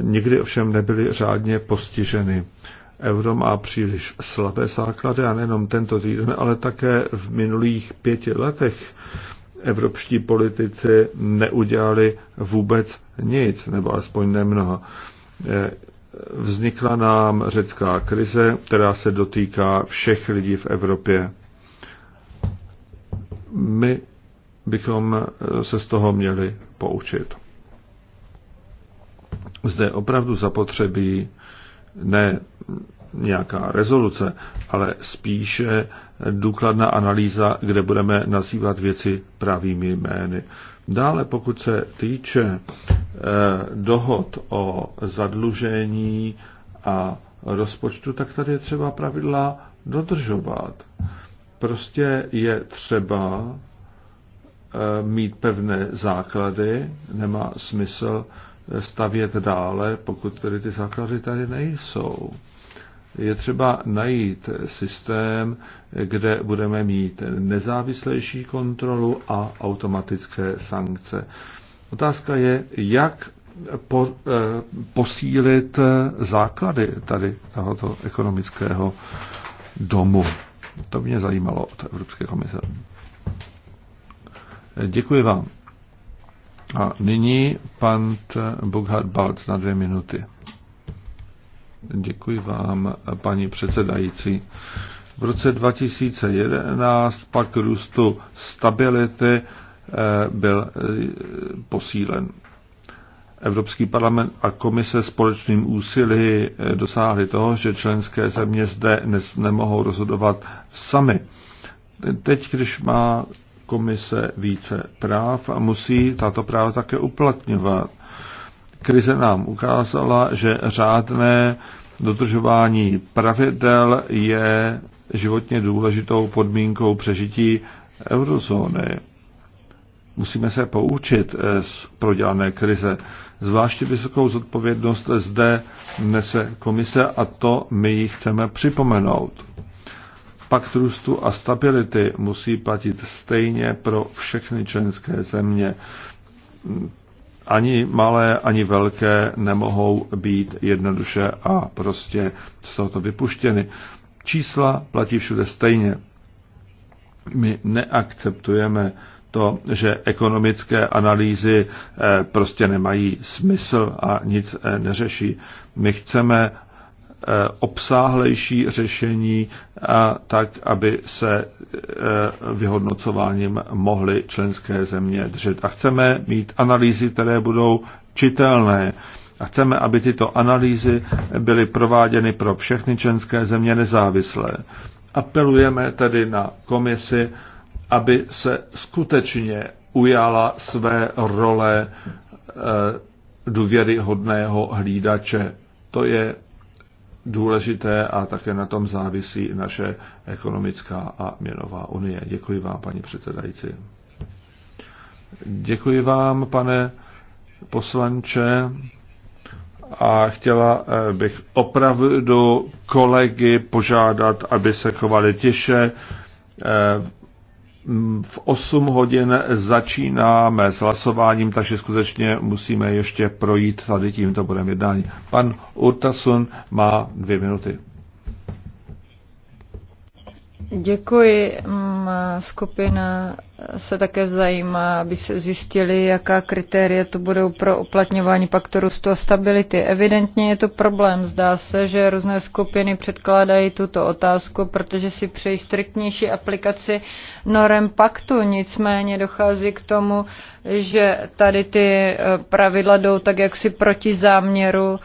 nikdy ovšem nebyly řádně postiženy. Euro má příliš slabé základy a nejenom tento týden, ale také v minulých pěti letech evropští politici neudělali vůbec nic, nebo alespoň nemnoho. E, vznikla nám řecká krize, která se dotýká všech lidí v Evropě. My bychom se z toho měli poučit zde opravdu zapotřebí ne nějaká rezoluce, ale spíše důkladná analýza, kde budeme nazývat věci pravými jmény. Dále, pokud se týče eh, dohod o zadlužení a rozpočtu, tak tady je třeba pravidla dodržovat. Prostě je třeba eh, mít pevné základy, nemá smysl stavět dále, pokud tedy ty základy tady nejsou. Je třeba najít systém, kde budeme mít nezávislejší kontrolu a automatické sankce. Otázka je, jak po, eh, posílit základy tady tohoto ekonomického domu. To mě zajímalo od Evropské komise. Děkuji vám. A nyní pan Bughard Balt na dvě minuty. Děkuji vám, paní předsedající. V roce 2011 pak růstu stability eh, byl eh, posílen. Evropský parlament a komise společným úsilí eh, dosáhly toho, že členské země zde nemohou rozhodovat sami. Teď, když má komise více práv a musí tato práva také uplatňovat. Krize nám ukázala, že řádné dodržování pravidel je životně důležitou podmínkou přežití eurozóny. Musíme se poučit z prodělané krize. Zvláště vysokou zodpovědnost zde nese komise a to my ji chceme připomenout. Pakt růstu a stability musí platit stejně pro všechny členské země. Ani malé, ani velké nemohou být jednoduše a prostě z tohoto vypuštěny. Čísla platí všude stejně. My neakceptujeme to, že ekonomické analýzy eh, prostě nemají smysl a nic eh, neřeší. My chceme Eh, obsáhlejší řešení, a tak aby se eh, vyhodnocováním mohly členské země držet. A chceme mít analýzy, které budou čitelné. A chceme, aby tyto analýzy byly prováděny pro všechny členské země nezávislé. Apelujeme tedy na komisi, aby se skutečně ujala své role eh, důvěryhodného hlídače. To je důležité a také na tom závisí naše ekonomická a měnová unie. Děkuji vám, paní předsedající. Děkuji vám, pane poslanče. A chtěla eh, bych opravdu kolegy požádat, aby se chovali tiše eh, v 8 hodin začínáme s hlasováním, takže skutečně musíme ještě projít tady tímto bodem jednání. Pan Urtasun má dvě minuty. Děkuji. Skupina se také zajímá, aby se zjistili, jaká kritéria to budou pro uplatňování paktu růstu a stability. Evidentně je to problém. Zdá se, že různé skupiny předkládají tuto otázku, protože si přejí striktnější aplikaci norem paktu. Nicméně dochází k tomu, že tady ty e, pravidla jdou tak jaksi proti záměru uh,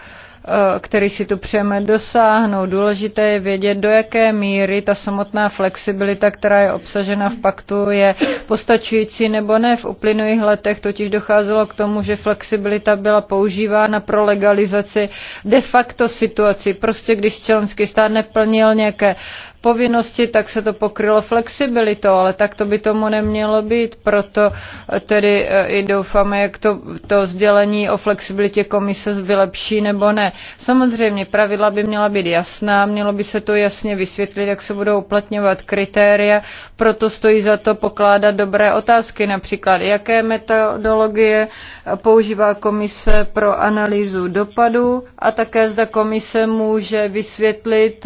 Eh, který si tu přejeme dosáhnout. Důležité je vědět, do jaké míry ta samotná flexibilita, která je obsažena v paktu, je postačující nebo ne. V uplynulých letech totiž docházelo k tomu, že flexibilita byla používána pro legalizaci de facto situaci. Prostě když členský stát neplnil nějaké povinnosti, tak se to pokrylo flexibilitou, ale tak to by tomu nemělo být. Proto eh, tedy eh, i doufáme, jak to, to sdělení o flexibilitě komise vylepší nebo ne. Samozřejmě pravidla by měla být jasná, mělo by se to jasně vysvětlit, jak se budou uplatňovat kritéria, proto stojí za to pokládat dobré otázky, například jaké metodologie používá komise pro analýzu dopadů a také zda komise může vysvětlit,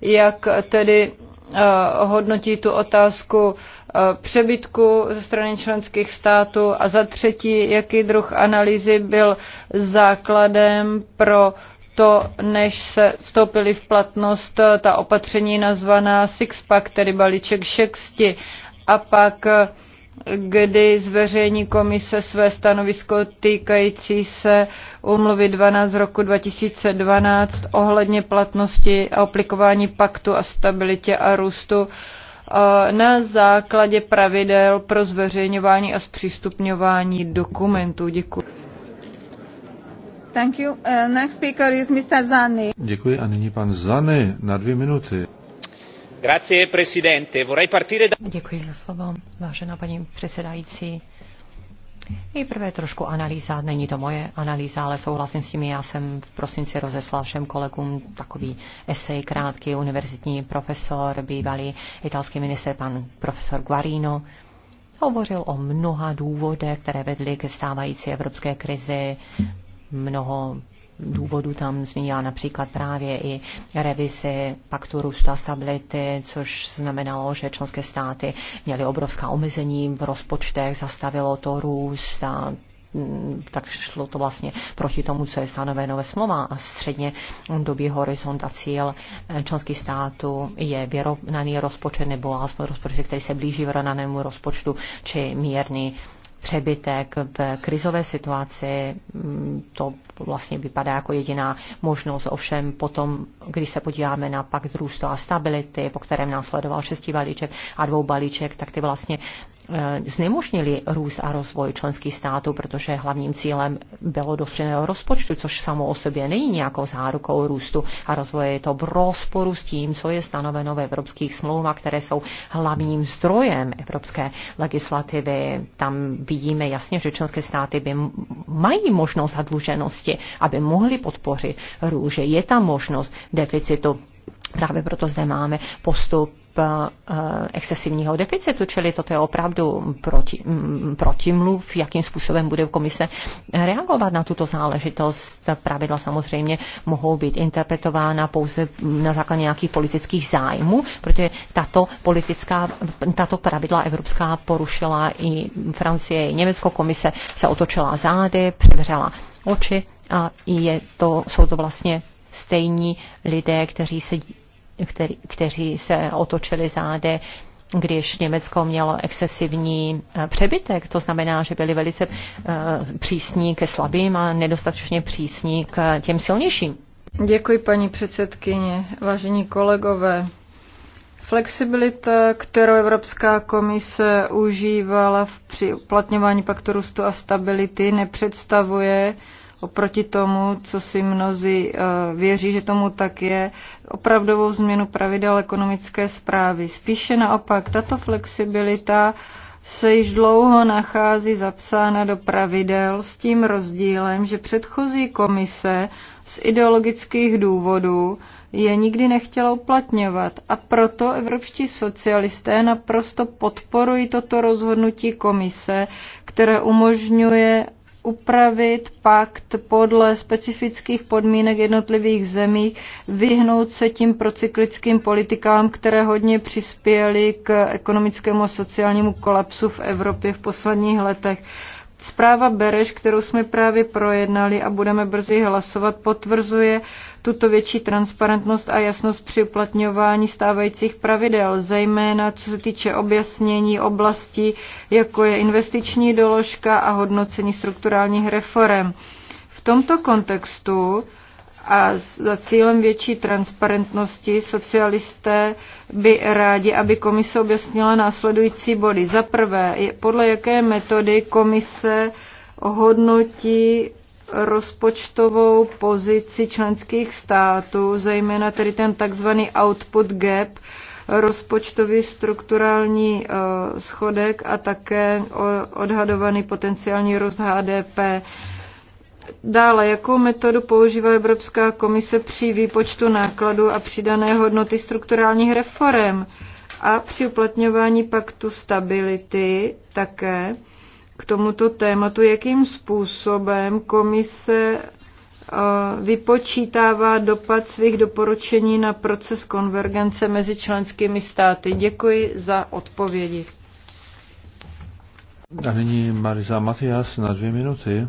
jak tedy eh, hodnotí tu otázku eh, přebytku ze strany členských států a za třetí, jaký druh analýzy byl základem pro to, než se vstoupily v platnost eh, ta opatření nazvaná Sixpack, tedy balíček šesti, a pak uh, kdy zveřejní komise své stanovisko týkající se úmluvy 12 roku 2012 ohledně platnosti a aplikování paktu a stabilitě a růstu eh, na základě pravidel pro zveřejňování a zpřístupňování dokumentů. Děkuji. Thank you. Uh, next speaker is Mr. Zani. Děkuji a nyní pan Zany na dvě minuty. Děkuji vážená paní předsedající. Nejprve trošku analýza, není to moje analýza, ale souhlasím s tím, já jsem v prosinci rozeslal všem kolegům takový esej krátký, univerzitní profesor, bývalý italský minister, pan profesor Guarino, hovořil o mnoha důvodech, které vedly ke stávající evropské krizi, mnoho důvodů tam zmínila například právě i revizi paktu růstu a stability, což znamenalo, že členské státy měly obrovská omezení v rozpočtech, zastavilo to růst a mm, tak šlo to vlastně proti tomu, co je stanoveno ve smlouva a středně dobý horizont a cíl eh, členských států je vyrovnaný rozpočet nebo alespoň rozpočet, který se blíží vyrovnanému rozpočtu či mírný přebytek v krizové situaci, mm, to vlastně vypadá jako jediná možnost. Ovšem potom, když se podíváme na pakt růstu a stability, po kterém následoval šestý balíček a dvou balíček, tak ty vlastně Eh, znemožnili růst a rozvoj členských států, protože hlavním cílem bylo dostřeného rozpočtu, což samo o sobě není nějakou zárukou růstu a rozvoje. Je to v rozporu s tím, co je stanoveno v evropských smlouvách, které jsou hlavním zdrojem evropské legislativy. Tam vidíme jasně, že členské státy by mají možnost zadluženosti, aby mohly podpořit růže. Je tam možnost deficitu Právě proto zde máme postup E, excesivního deficitu, čili toto je opravdu proti, protimluv, jakým způsobem bude komise reagovat na tuto záležitost. Pravidla samozřejmě mohou být interpretována pouze na základě nějakých politických zájmů, protože tato politická, tato pravidla evropská porušila i Francie, i Německo. Komise se otočila zády, převřela oči a je to, jsou to vlastně stejní lidé, kteří se který, kteří se otočili zády, když Německo mělo excesivní eh, přebytek. To znamená, že byli velice eh, přísní ke slabým a nedostatečně přísní k těm silnějším. Děkuji, paní předsedkyně. Vážení kolegové, Flexibilita, kterou Evropská komise užívala v při uplatňování paktu růstu a stability, nepředstavuje oproti tomu, co si mnozí eh, věří, že tomu tak je, opravdovou změnu pravidel ekonomické zprávy. Spíše naopak, tato flexibilita se již dlouho nachází zapsána do pravidel s tím rozdílem, že předchozí komise z ideologických důvodů je nikdy nechtěla uplatňovat a proto evropští socialisté naprosto podporují toto rozhodnutí komise, které umožňuje upravit pakt podle specifických podmínek jednotlivých zemí, vyhnout se tím procyklickým politikám, které hodně přispěly k ekonomickému a sociálnímu kolapsu v Evropě v posledních letech. Zpráva Bereš, kterou jsme právě projednali a budeme brzy hlasovat, potvrzuje tuto větší transparentnost a jasnost při uplatňování stávajících pravidel, zejména co se týče objasnění oblasti, jako je investiční doložka a hodnocení strukturálních reform. V tomto kontextu a za cílem větší transparentnosti socialisté by rádi, aby komise objasnila následující body. Za prvé, podle jaké metody komise hodnotí rozpočtovou pozici členských států, zejména tedy ten takzvaný output gap, rozpočtový strukturální eh, schodek a také odhadovaný potenciální rost HDP. Dále, jakou metodu používá Evropská komise při výpočtu nákladu a přidané hodnoty strukturálních reform a při uplatňování paktu stability také k tomuto tématu, jakým způsobem komise eh, vypočítává dopad svých doporučení na proces konvergence mezi členskými státy. Děkuji za odpovědi. A nyní Marisa Matias na dvě minuty.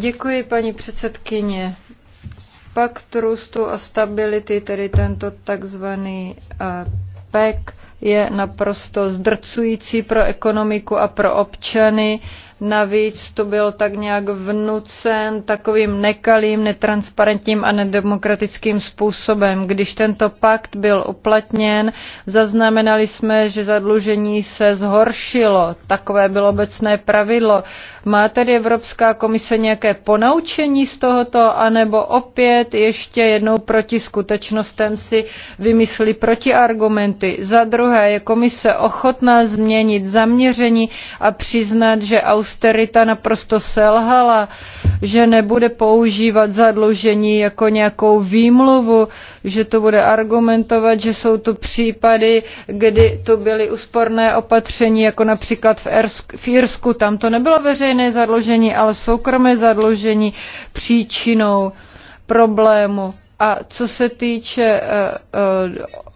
Děkuji, paní předsedkyně. Pakt růstu a stability, tedy tento takzvaný eh, PEC, je naprosto zdrcující pro ekonomiku a pro občany Navíc to byl tak nějak vnucen takovým nekalým, netransparentním a nedemokratickým způsobem. Když tento pakt byl uplatněn, zaznamenali jsme, že zadlužení se zhoršilo. Takové bylo obecné pravidlo. Má tedy Evropská komise nějaké ponaučení z tohoto, anebo opět ještě jednou proti skutečnostem si vymyslí protiargumenty? Za druhé, je komise ochotná změnit zaměření a přiznat, že Austrálie austerita naprosto selhala, že nebude používat zadlužení jako nějakou výmluvu, že to bude argumentovat, že jsou tu případy, kdy to byly úsporné opatření, jako například v, Ersk, v Irsku. Tam to nebylo veřejné zadlužení, ale soukromé zadlužení příčinou problému. A co se týče uh, uh,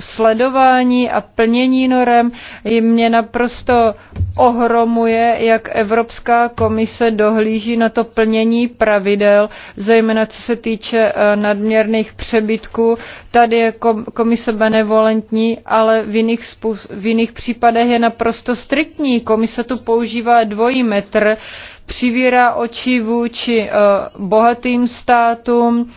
sledování a plnění norem mě naprosto ohromuje, jak Evropská komise dohlíží na to plnění pravidel, zejména co se týče eh, nadměrných přebytků. Tady je komise benevolentní, ale v jiných, v jiných případech je naprosto striktní. Komise tu používá dvojí metr, přivírá oči vůči eh, bohatým státům,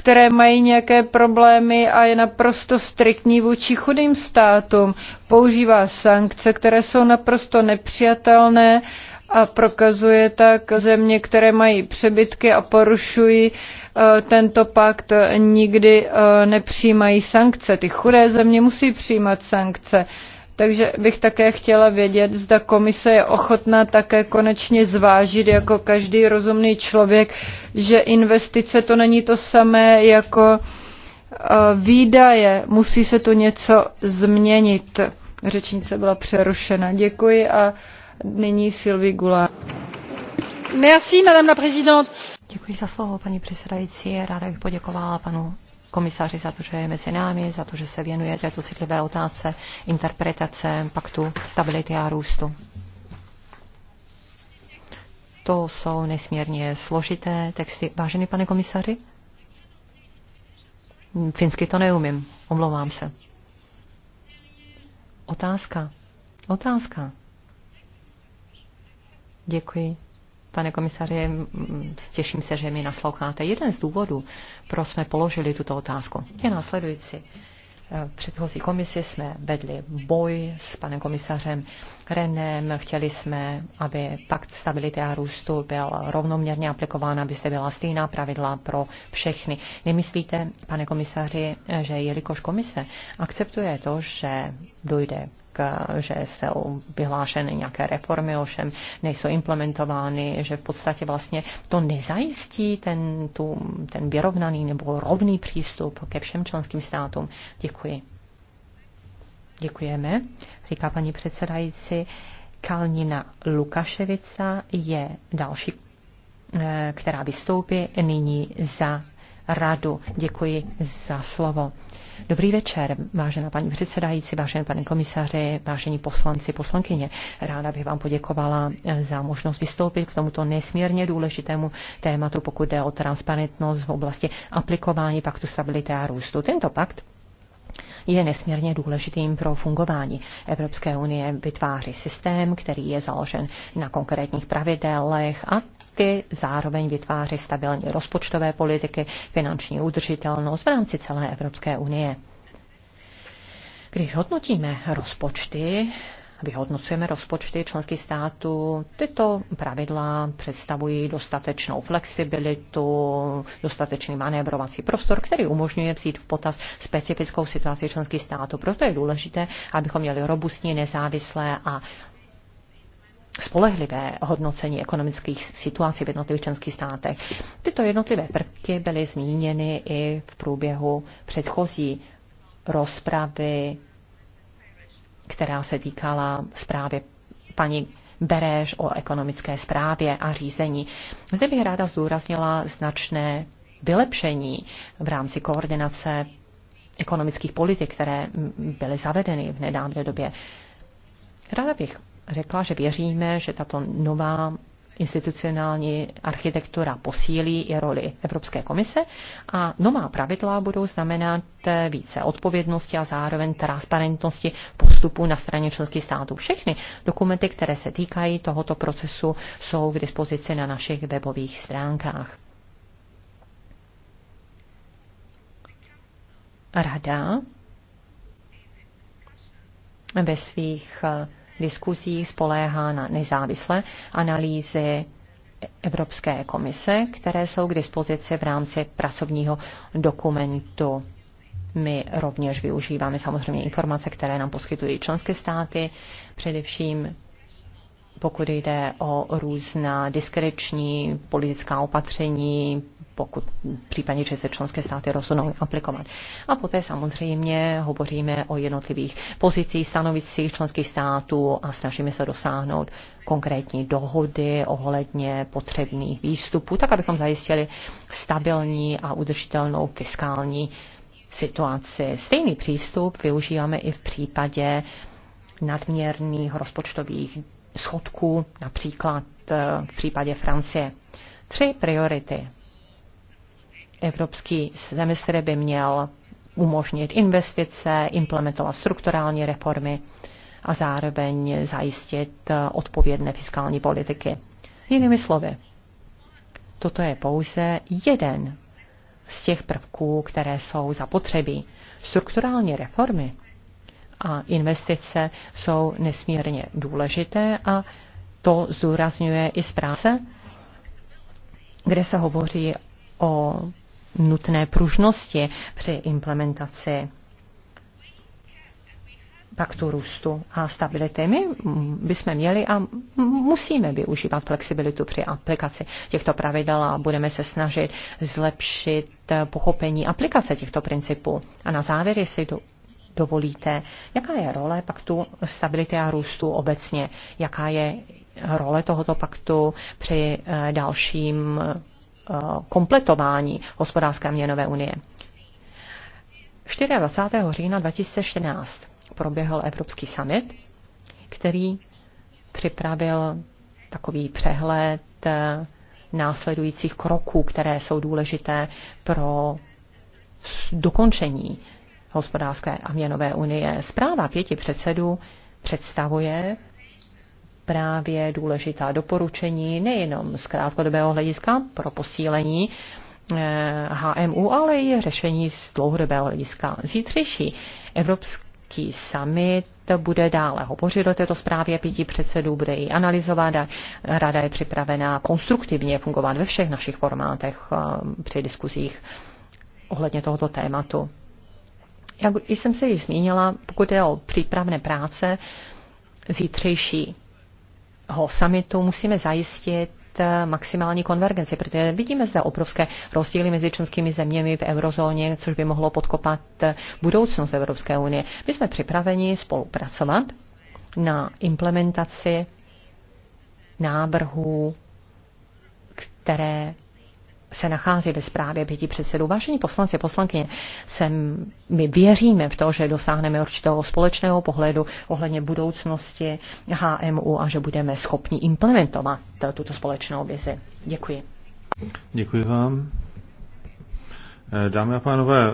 které mají nějaké problémy a je naprosto striktní vůči chudým státům. Používá sankce, které jsou naprosto nepřijatelné a prokazuje tak země, které mají přebytky a porušují eh, tento pakt, nikdy eh, nepřijímají sankce. Ty chudé země musí přijímat sankce. Takže bych také chtěla vědět, zda komise je ochotná také konečně zvážit jako každý rozumný člověk, že investice to není to samé jako eh, výdaje. Musí se tu něco změnit. Řečnice byla přerušena. Děkuji a nyní Sylvie Gula. Merci, madame la présidente. Děkuji za slovo, paní předsedající. Ráda bych poděkovala panu komisaři za to, že je mezi námi, za to, že se věnuje této citlivé otázce interpretace paktu stability a růstu. To jsou nesmírně složité texty. Vážený pane komisaři? Finsky to neumím, omlouvám se. Otázka. Otázka. Děkuji pane komisaři, těším se, že mi nasloucháte. Jeden z důvodů, proč jsme položili tuto otázku, je následující. E, v předchozí komisi jsme vedli boj s panem komisařem Renem, chtěli jsme, aby pakt stability a růstu byl rovnoměrně aplikován, aby zde byla stejná pravidla pro všechny. Nemyslíte, pane komisaři, že jelikož komise akceptuje to, že dojde Eh, že jsou vyhlášeny nějaké reformy, ovšem nejsou implementovány, že v podstatě vlastně to nezajistí ten, tu, ten vyrovnaný nebo rovný přístup ke všem členským státům. Děkuji. Děkujeme, říká paní předsedající. Kalnina Lukaševica je další, eh, která vystoupí nyní za radu. Děkuji za slovo. Dobrý večer, vážená paní předsedající, vážený pane komisaři, vážení poslanci, poslankyně. Ráda bych vám poděkovala eh, za možnost vystoupit k tomuto nesmírně důležitému tématu, pokud jde o transparentnost v oblasti aplikování paktu stability a růstu. Tento pakt je nesmírně důležitým pro fungování Evropské unie. Vytváří systém, který je založen na konkrétních pravidelech a politiky, zároveň vytváří stabilní rozpočtové politiky, finanční udržitelnost v rámci celé Evropské unie. Když hodnotíme rozpočty, vyhodnocujeme rozpočty členských států, tyto pravidla představují dostatečnou flexibilitu, dostatečný manévrovací prostor, který umožňuje vzít v potaz specifickou situaci členských států. Proto je důležité, abychom měli robustní, nezávislé a spolehlivé hodnocení ekonomických situací v jednotlivých členských státech. Tyto jednotlivé prvky byly zmíněny i v průběhu předchozí rozpravy, která se týkala zprávy paní Bereš o ekonomické zprávě a řízení. Zde bych ráda zdůraznila značné vylepšení v rámci koordinace ekonomických politik, které byly zavedeny v nedávné době. Ráda bych řekla, že věříme, že tato nová institucionální architektura posílí i roli Evropské komise a nová pravidla budou znamenat více odpovědnosti a zároveň transparentnosti postupu na straně členských států. Všechny dokumenty, které se týkají tohoto procesu, jsou k dispozici na našich webových stránkách. Rada ve svých diskuzích spoléhá na nezávislé analýzy Evropské komise, které jsou k dispozici v rámci pracovního dokumentu. My rovněž využíváme samozřejmě informace, které nám poskytují členské státy, především pokud jde o různá diskreční politická opatření, pokud případně, že se členské státy rozhodnou aplikovat. A poté samozřejmě hovoříme o jednotlivých pozicích, stanoviscích členských států a snažíme se dosáhnout konkrétní dohody ohledně potřebných výstupů, tak abychom zajistili stabilní a udržitelnou fiskální situaci. Stejný přístup využíváme i v případě nadměrných rozpočtových schodků, například eh, v případě Francie. Tři priority Evropský semestr by měl umožnit investice, implementovat strukturální reformy a zároveň zajistit eh, odpovědné fiskální politiky. Jinými slovy, toto je pouze jeden z těch prvků, které jsou zapotřebí. Strukturální reformy a investice jsou nesmírně důležité a to zdůrazňuje i zpráce, kde se hovoří o nutné pružnosti při implementaci paktu růstu a stability. My bychom měli a musíme využívat flexibilitu při aplikaci těchto pravidel a budeme se snažit zlepšit pochopení aplikace těchto principů. A na závěr, jestli do, dovolíte, jaká je role paktu stability a růstu obecně, jaká je role tohoto paktu při eh, dalším Eh, kompletování hospodářské měnové unie. 24. října 2014 proběhl Evropský summit, který připravil takový přehled eh, následujících kroků, které jsou důležité pro dokončení hospodářské a měnové unie. Zpráva pěti předsedů představuje právě důležitá doporučení nejenom z krátkodobého hlediska pro posílení HMU, eh, ale i řešení z dlouhodobého hlediska. Zítřejší Evropský summit bude dále hovořit o této zprávě pěti předsedů, bude ji analyzovat a rada je připravená konstruktivně fungovat ve všech našich formátech eh, při diskuzích ohledně tohoto tématu. Jak jsem se již zmínila, pokud je o přípravné práce, zítřejší summitu musíme zajistit eh, maximální konvergenci, protože vidíme zde obrovské rozdíly mezi členskými zeměmi v eurozóně, což by mohlo podkopat eh, budoucnost Evropské unie. My jsme připraveni spolupracovat na implementaci návrhů, které se nachází ve zprávě pěti předsedů. Vážení poslanci, poslankyně, sem, my věříme v to, že dosáhneme určitého společného pohledu ohledně budoucnosti HMU a že budeme schopni implementovat tuto společnou vizi. Děkuji. Děkuji vám. Dámy a pánové,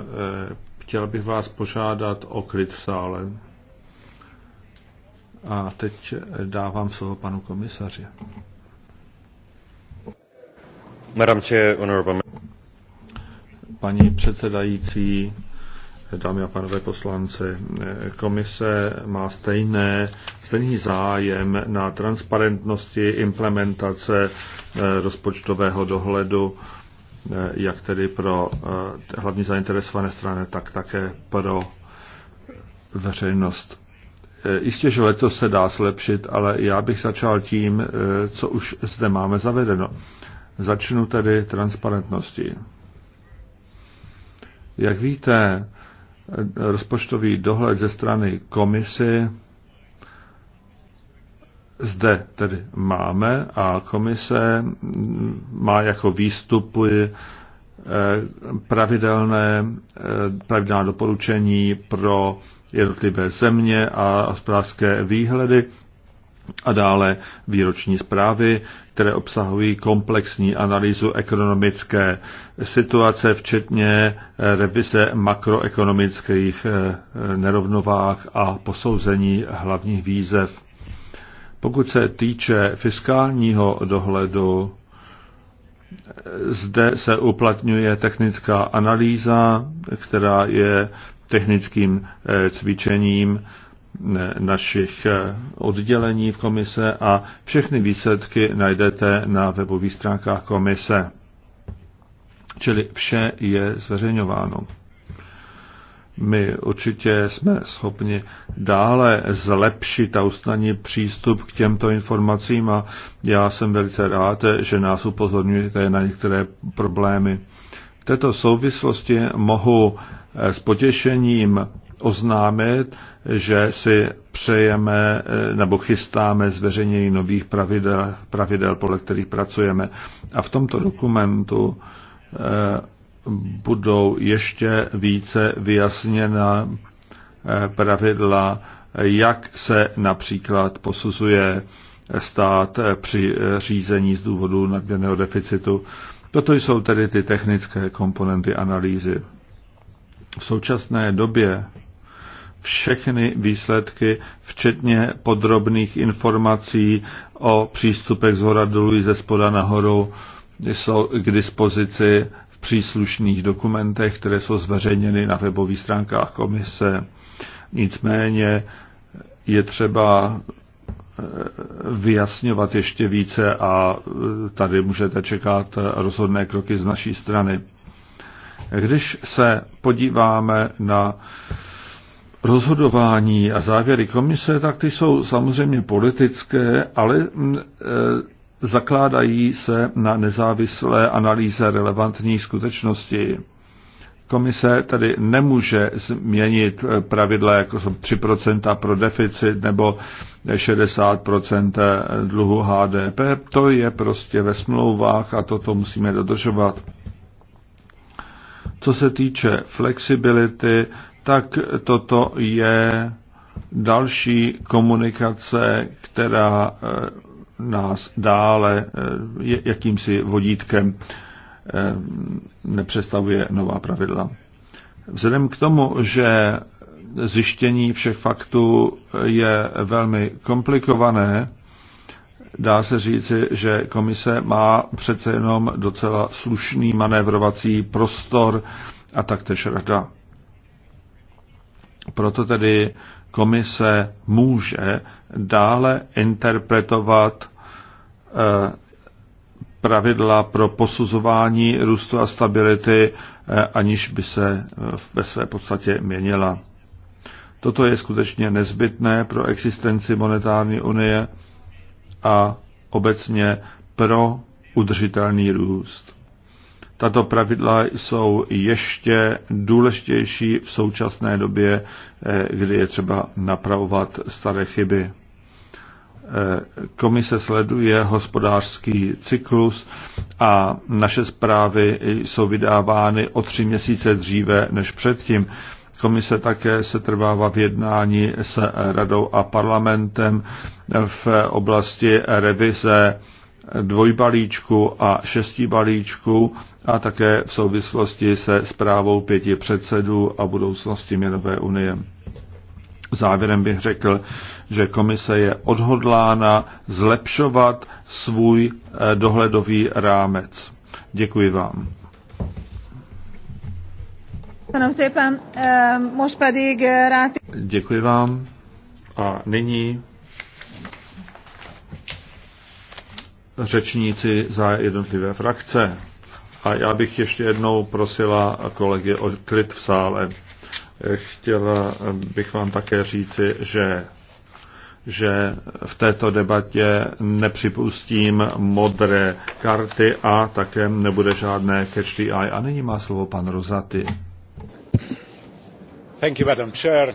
chtěl bych vás požádat o klid v sále. A teď dávám slovo panu komisaři. Paní předsedající, dámy a pánové poslanci, komise má stejné, stejný zájem na transparentnosti implementace eh, rozpočtového dohledu, eh, jak tedy pro eh, hlavní zainteresované strany, tak také pro veřejnost. Jistě, že letos se dá zlepšit, ale já bych začal tím, co už zde máme zavedeno. Začnu tedy transparentnosti. Jak víte, rozpočtový dohled ze strany komisy zde tedy máme a komise má jako výstupy eh, pravidelné, eh, pravidelná doporučení pro jednotlivé země a hospodářské výhledy a dále výroční zprávy, které obsahují komplexní analýzu ekonomické situace, včetně eh, revize makroekonomických eh, nerovnovách a posouzení hlavních výzev. Pokud se týče fiskálního dohledu, eh, zde se uplatňuje technická analýza, která je technickým cvičením našich eh, oddělení v komise a všechny výsledky najdete na webových stránkách komise. Čili vše je zveřejňováno. My určitě jsme schopni dále zlepšit a usnadnit přístup k těmto informacím a já jsem velice rád, že nás upozorňujete na některé problémy. V této souvislosti mohu eh, s potěšením oznámit, že si přejeme eh, nebo chystáme zveřejnění nových pravidel, pravidel, podle kterých pracujeme. A v tomto dokumentu eh, budou ještě více vyjasněna eh, pravidla, jak se například posuzuje stát při řízení z důvodu nadměrného deficitu. Toto jsou tedy ty technické komponenty analýzy. V současné době všechny výsledky, včetně podrobných informací o přístupech z hora dolů i ze spoda nahoru, jsou k dispozici v příslušných dokumentech, které jsou zveřejněny na webových stránkách komise. Nicméně je třeba eh, vyjasňovat ještě více a eh, tady můžete čekat rozhodné kroky z naší strany. Když se podíváme na rozhodování a závěry komise, tak ty jsou samozřejmě politické, ale mm, e, zakládají se na nezávislé analýze relevantní skutečnosti. Komise tedy nemůže změnit e, pravidla, jako jsou 3% pro deficit nebo 60% e, dluhu HDP. To je prostě ve smlouvách a toto musíme dodržovat. Co se týče flexibility, tak toto je další komunikace, která eh, nás dále eh, jakýmsi vodítkem eh, nepředstavuje nová pravidla. Vzhledem k tomu, že zjištění všech faktů je velmi komplikované, dá se říci, že komise má přece jenom docela slušný manévrovací prostor a taktéž rada. Proto tedy komise může dále interpretovat eh, pravidla pro posuzování růstu a stability, eh, aniž by se eh, ve své podstatě měnila. Toto je skutečně nezbytné pro existenci monetární unie a obecně pro udržitelný růst. Tato pravidla jsou ještě důležitější v současné době, eh, kdy je třeba napravovat staré chyby. Eh, komise sleduje hospodářský cyklus a naše zprávy jsou vydávány o tři měsíce dříve než předtím. Komise také se trvává v jednání s radou a parlamentem v oblasti revize dvojbalíčku a balíčku a také v souvislosti se zprávou pěti předsedů a budoucnosti měnové unie. Závěrem bych řekl, že komise je odhodlána zlepšovat svůj eh, dohledový rámec. Děkuji vám. Eh, eh, Děkuji vám. A nyní řečníci za jednotlivé frakce. A já bych ještě jednou prosila kolegy o klid v sále. Chtěla bych vám také říci, že, že v této debatě nepřipustím modré karty a také nebude žádné catch the eye. A nyní má slovo pan Rozaty. Thank you, Madam Chair.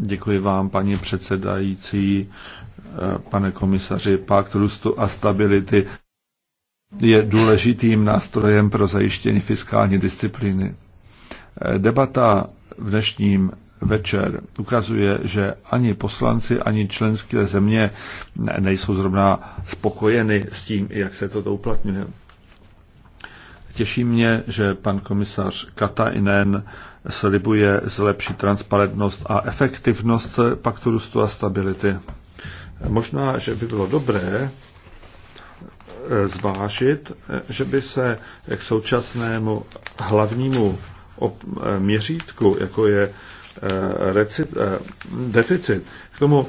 Děkuji vám, paní předsedající, eh, pane komisaři. Pakt růstu a stability je důležitým nástrojem pro zajištění fiskální disciplíny. Eh, debata v dnešním večer ukazuje, že ani poslanci, ani členské země nejsou zrovna spokojeny s tím, jak se toto uplatňuje. Těší mě, že pan komisař Katainen slibuje zlepšit transparentnost a efektivnost paktu růstu a stability. Možná, že by bylo dobré eh, zvážit, eh, že by se k současnému hlavnímu eh, měřítku, jako je recit, deficit, k tomu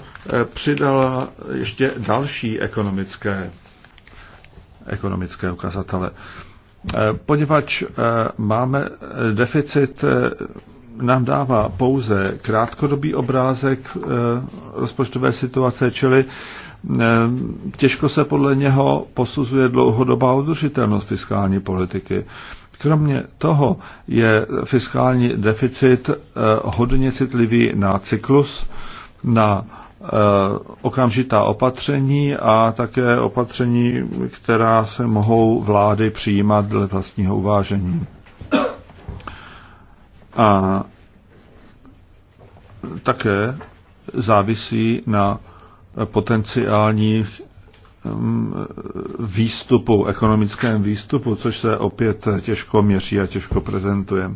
přidala ještě další ekonomické, ekonomické ukazatele. Eh, poněvadž eh, máme eh, deficit nám dává pouze krátkodobý obrázek rozpočtové situace, čili těžko se podle něho posuzuje dlouhodobá udržitelnost fiskální politiky. Kromě toho je fiskální deficit hodně citlivý na cyklus, na Eh, okamžitá opatření a také opatření, která se mohou vlády přijímat dle vlastního uvážení. A také závisí na potenciálních mm, výstupu, ekonomickém výstupu, což se opět těžko měří a těžko prezentuje.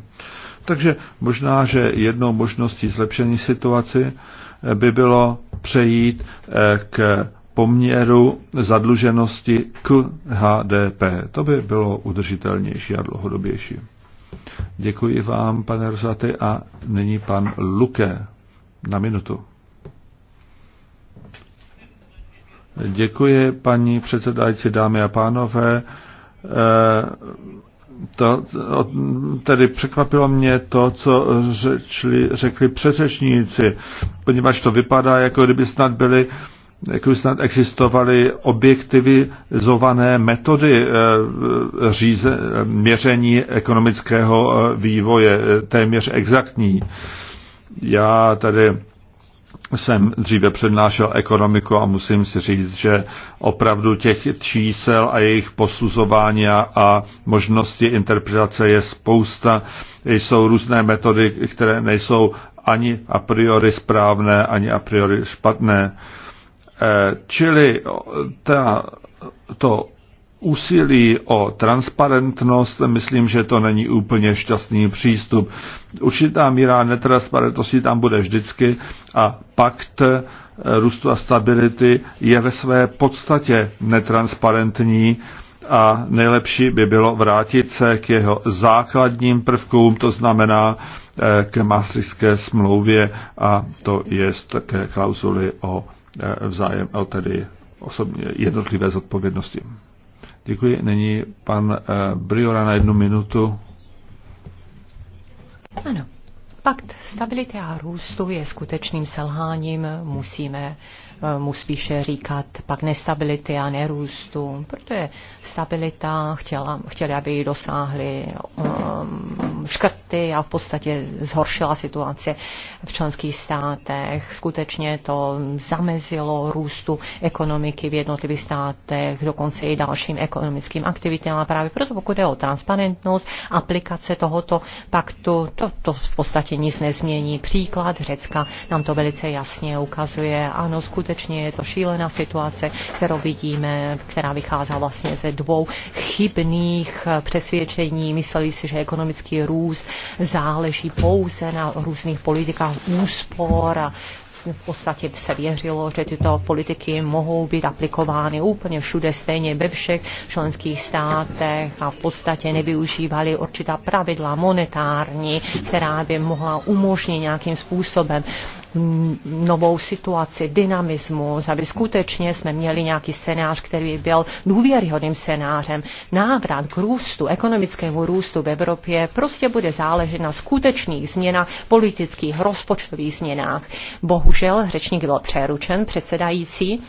Takže možná, že jednou možností zlepšení situaci eh, by bylo přejít eh, k poměru zadluženosti k HDP. To by bylo udržitelnější a dlouhodobější. Děkuji vám, pane Rosaty, a nyní pan Luke na minutu. Děkuji, paní předsedající, dámy a pánové. Eh, to, tedy překvapilo mě to, co řečli, řekli přeřečníci, poněvadž to vypadá, jako kdyby snad byly jako snad existovaly objektivizované metody e, říze, měření ekonomického e, vývoje, e, téměř exaktní. Já tady jsem dříve přednášel ekonomiku a musím si říct, že opravdu těch čísel a jejich posuzování a, možnosti interpretace je spousta. Jsou různé metody, které nejsou ani a priori správné, ani a priori špatné. Eh, čili ta, to úsilí o transparentnost, myslím, že to není úplně šťastný přístup. Určitá míra netransparentnosti tam bude vždycky a pakt eh, růstu a stability je ve své podstatě netransparentní a nejlepší by bylo vrátit se k jeho základním prvkům, to znamená eh, k Maastrichtské smlouvě a to je také klauzuly o eh, vzájem, o tedy osobně jednotlivé zodpovědnosti. Děkuji. Není pan eh, Briora na jednu minutu. Ano. Pakt stability a růstu je skutečným selháním. Musíme Eh, mu spíše říkat pak nestability a nerůstu, protože stabilita chtěla, chtěli, aby ji dosáhli um, škrty a v podstatě zhoršila situace v členských státech. Skutečně to zamezilo růstu ekonomiky v jednotlivých státech, dokonce i dalším ekonomickým aktivitám. A právě proto, pokud je o transparentnost, aplikace tohoto paktu, to, to v podstatě nic nezmění. Příklad Řecka nám to velice jasně ukazuje. Ano, skutečně skutečně je to šílená situace, kterou vidíme, která vychází vlastně ze dvou chybných eh, přesvědčení. Mysleli si, že ekonomický růst záleží pouze na různých politikách úspor a v podstatě se věřilo, že tyto politiky mohou být aplikovány úplně všude stejně ve všech členských státech a v podstatě nevyužívali určitá pravidla monetární, která by mohla umožnit nějakým způsobem novou situaci, dynamismus, aby skutečně jsme měli nějaký scénář, který by byl důvěryhodným scénářem. Návrat k růstu, ekonomickému růstu v Evropě prostě bude záležet na skutečných změnách, politických, rozpočtových změnách. Bohužel řečník byl přeručen předsedající.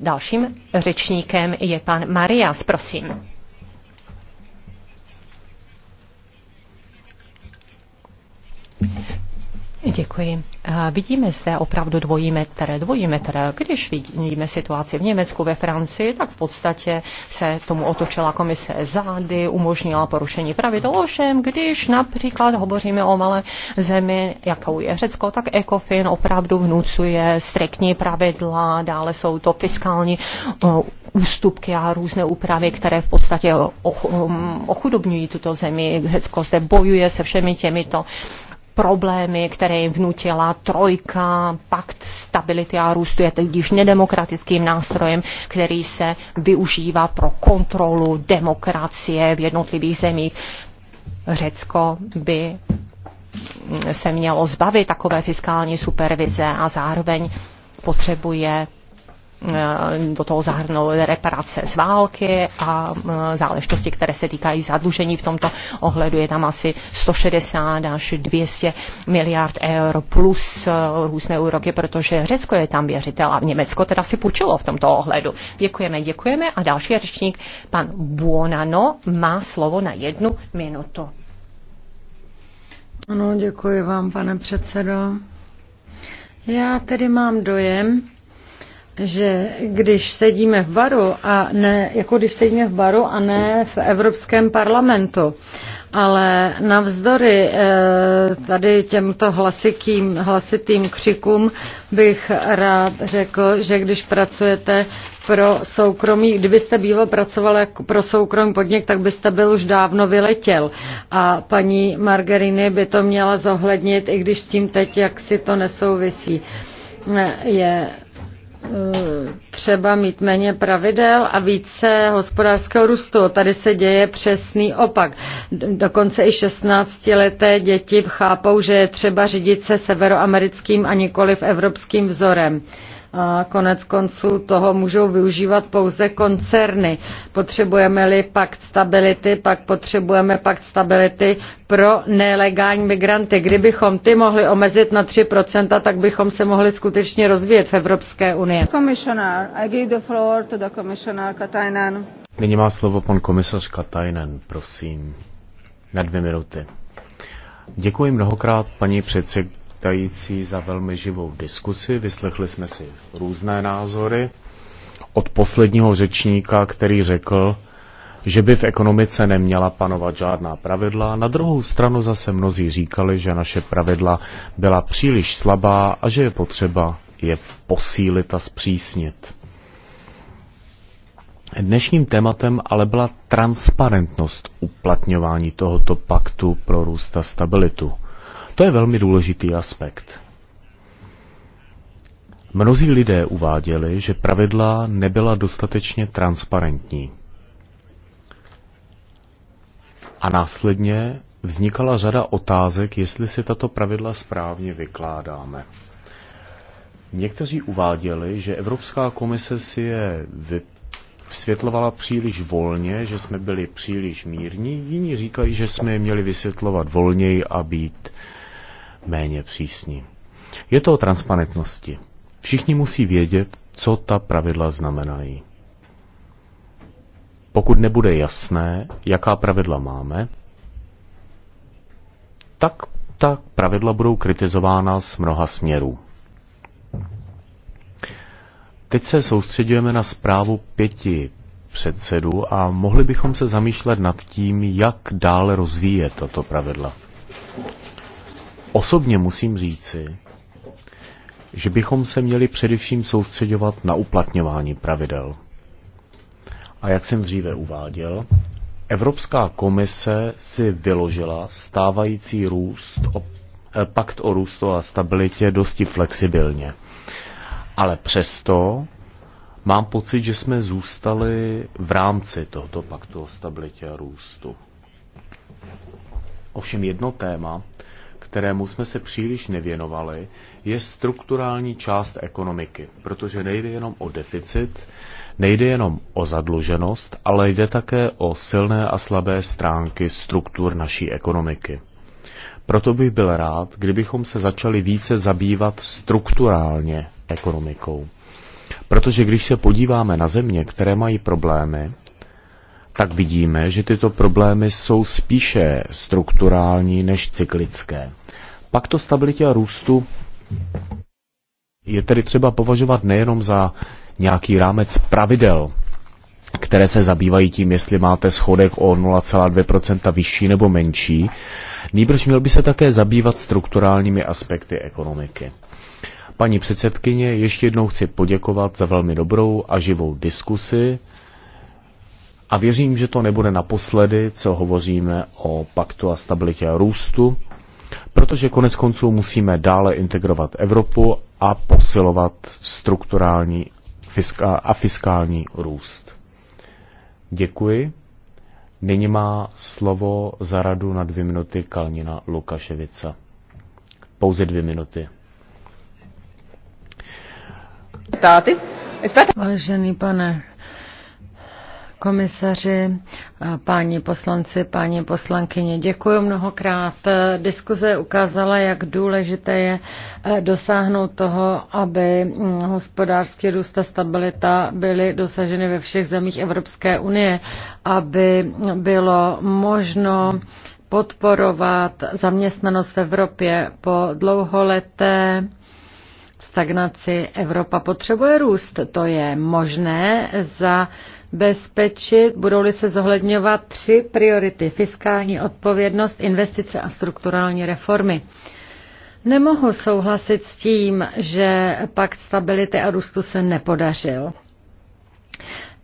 Dalším řečníkem je pan Marias, prosím. Děkuji. Vidíme zde opravdu dvojí metr. Dvojí metr, když vidíme situaci v Německu, ve Francii, tak v podstatě se tomu otočila komise zády, umožnila porušení pravidel. Ovšem, když například hovoříme o malé zemi, jakou je Řecko, tak ECOFIN opravdu vnucuje striktní pravidla, dále jsou to fiskální ústupky a různé úpravy, které v podstatě ochudobňují tuto zemi. Řecko zde bojuje se všemi těmito problémy, které jim vnutila trojka, pakt stability a růstu je tedy nedemokratickým nástrojem, který se využívá pro kontrolu demokracie v jednotlivých zemích. Řecko by se mělo zbavit takové fiskální supervize a zároveň potřebuje Eh, do toho zahrnout reparace z války a eh, záležitosti, které se týkají zadlužení. V tomto ohledu je tam asi 160 až 200 miliard eur plus eh, různé úroky, protože Řecko je tam věřitel a Německo teda si půjčilo v tomto ohledu. Děkujeme, děkujeme a další řečník, pan Buonano, má slovo na jednu minutu. Ano, děkuji vám, pane předsedo. Já tedy mám dojem, že když sedíme v baru a ne, jako když sedíme v baru a ne v Evropském parlamentu, ale navzdory eh, tady těmto hlasitým, hlasitým křikům bych rád řekl, že když pracujete pro soukromí, kdybyste býval pracoval pro soukromý podnik, tak byste byl už dávno vyletěl. A paní Margariny by to měla zohlednit, i když s tím teď jak si to nesouvisí. Eh, je třeba mít méně pravidel a více hospodářského růstu. Tady se děje přesný opak. Dokonce i 16-leté děti chápou, že je třeba řídit se severoamerickým a v evropským vzorem. Uh, a konec konců toho můžou využívat pouze koncerny. Potřebujeme-li pakt stability, pak potřebujeme pakt stability pro nelegální migranty. Kdybychom ty mohli omezit na 3%, tak bychom se mohli skutečně rozvíjet v Evropské unii. Nyní má slovo pan komisař Katajnen, prosím, na dvě minuty. Děkuji mnohokrát, paní předsed, dající za velmi živou diskusi. Vyslechli jsme si různé názory od posledního řečníka, který řekl, že by v ekonomice neměla panovat žádná pravidla. Na druhou stranu zase mnozí říkali, že naše pravidla byla příliš slabá a že je potřeba je posílit a zpřísnit. Dnešním tématem ale byla transparentnost uplatňování tohoto paktu pro růst a stabilitu. To je velmi důležitý aspekt. Mnozí lidé uváděli, že pravidla nebyla dostatečně transparentní. A následně vznikala řada otázek, jestli si tato pravidla správně vykládáme. Někteří uváděli, že Evropská komise si je vysvětlovala příliš volně, že jsme byli příliš mírní, jiní říkají, že jsme je měli vysvětlovat volněji a být méně přísní. Je to o transparentnosti. Všichni musí vědět, co ta pravidla znamenají. Pokud nebude jasné, jaká pravidla máme, tak ta pravidla budou kritizována z mnoha směrů. Teď se soustředujeme na zprávu pěti předsedů a mohli bychom se zamýšlet nad tím, jak dále rozvíjet tato pravidla. Osobně musím říci, že bychom se měli především soustředovat na uplatňování pravidel. A jak jsem dříve uváděl, Evropská komise si vyložila stávající růst o, eh, pakt o růstu a stabilitě dosti flexibilně. Ale přesto mám pocit, že jsme zůstali v rámci tohoto paktu o stabilitě a růstu. Ovšem jedno téma, kterému jsme se příliš nevěnovali, je strukturální část ekonomiky, protože nejde jenom o deficit, nejde jenom o zadluženost, ale jde také o silné a slabé stránky struktur naší ekonomiky. Proto bych byl rád, kdybychom se začali více zabývat strukturálně ekonomikou. Protože když se podíváme na země, které mají problémy, tak vidíme, že tyto problémy jsou spíše strukturální než cyklické. Pak to stabilitě a růstu je tedy třeba považovat nejenom za nějaký rámec pravidel, které se zabývají tím, jestli máte schodek o 0,2% vyšší nebo menší, nýbrž měl by se také zabývat strukturálními aspekty ekonomiky. Paní předsedkyně, ještě jednou chci poděkovat za velmi dobrou a živou diskusi. A věřím, že to nebude naposledy, co hovoříme o paktu a stabilitě a růstu, protože konec konců musíme dále integrovat Evropu a posilovat strukturální a fiskální růst. Děkuji. Nyní má slovo za radu na dvě minuty Kalnina Lukaševica. Pouze dvě minuty. Táty? Vážený pane komisaři, páni poslanci, páni poslankyně, děkuji mnohokrát. Diskuze ukázala, jak důležité je eh, dosáhnout toho, aby mm, hospodářský růst a stabilita byly dosaženy ve všech zemích Evropské unie, aby bylo možno podporovat zaměstnanost v Evropě po dlouholeté stagnaci. Evropa potřebuje růst, to je možné za bezpečit, budou-li se zohledňovat tři priority. Fiskální odpovědnost, investice a strukturální reformy. Nemohu souhlasit s tím, že pakt stability a růstu se nepodařil.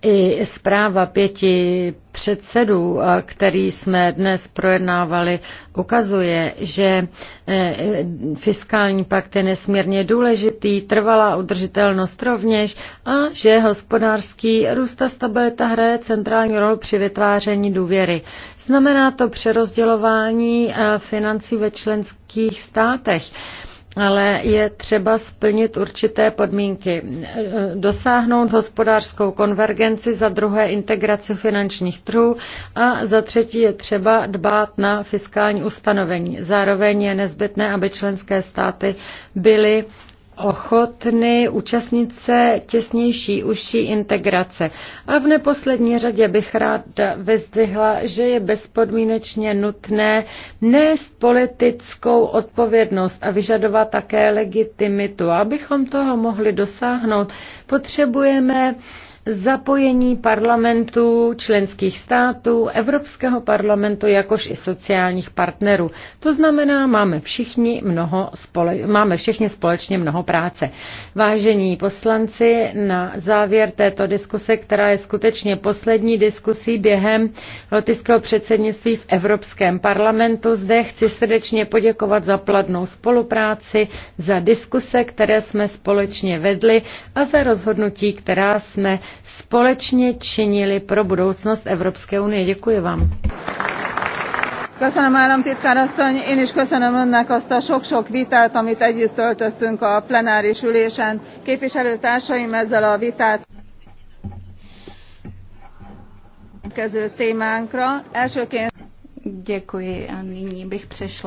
I zpráva pěti předsedů, který jsme dnes projednávali, ukazuje, že e, fiskální pakt je nesmírně důležitý, trvalá udržitelnost rovněž a že hospodářský růst a stabilita hraje centrální roli při vytváření důvěry. Znamená to přerozdělování financí ve členských státech ale je třeba splnit určité podmínky. Dosáhnout hospodářskou konvergenci, za druhé integraci finančních trhů a za třetí je třeba dbát na fiskální ustanovení. Zároveň je nezbytné, aby členské státy byly ochotny účastnice těsnější, užší integrace. A v neposlední řadě bych rád vyzdvihla, že je bezpodmínečně nutné nést politickou odpovědnost a vyžadovat také legitimitu. Abychom toho mohli dosáhnout, potřebujeme uh, zapojení parlamentů členských států, Evropského parlamentu, jakož i sociálních partnerů. To znamená, máme všichni, mnoho spole- máme všichni společně mnoho práce. Vážení poslanci, na závěr této diskuse, která je skutečně poslední diskusí během lotyského předsednictví v Evropském parlamentu, zde chci srdečně poděkovat za pladnou spolupráci, za diskuse, které jsme společně vedli a za rozhodnutí, která jsme společně činili pro budoucnost Evropské unie. Děkuji vám. Köszönöm államtitkár asszony, én is köszönöm önnek azt a sok-sok vitát, amit együtt töltöttünk a plenáris ülésen. Képviselőtársaim ezzel a vitát Kezdő témánkra. Elsőként Děkuji a nyní bych přešla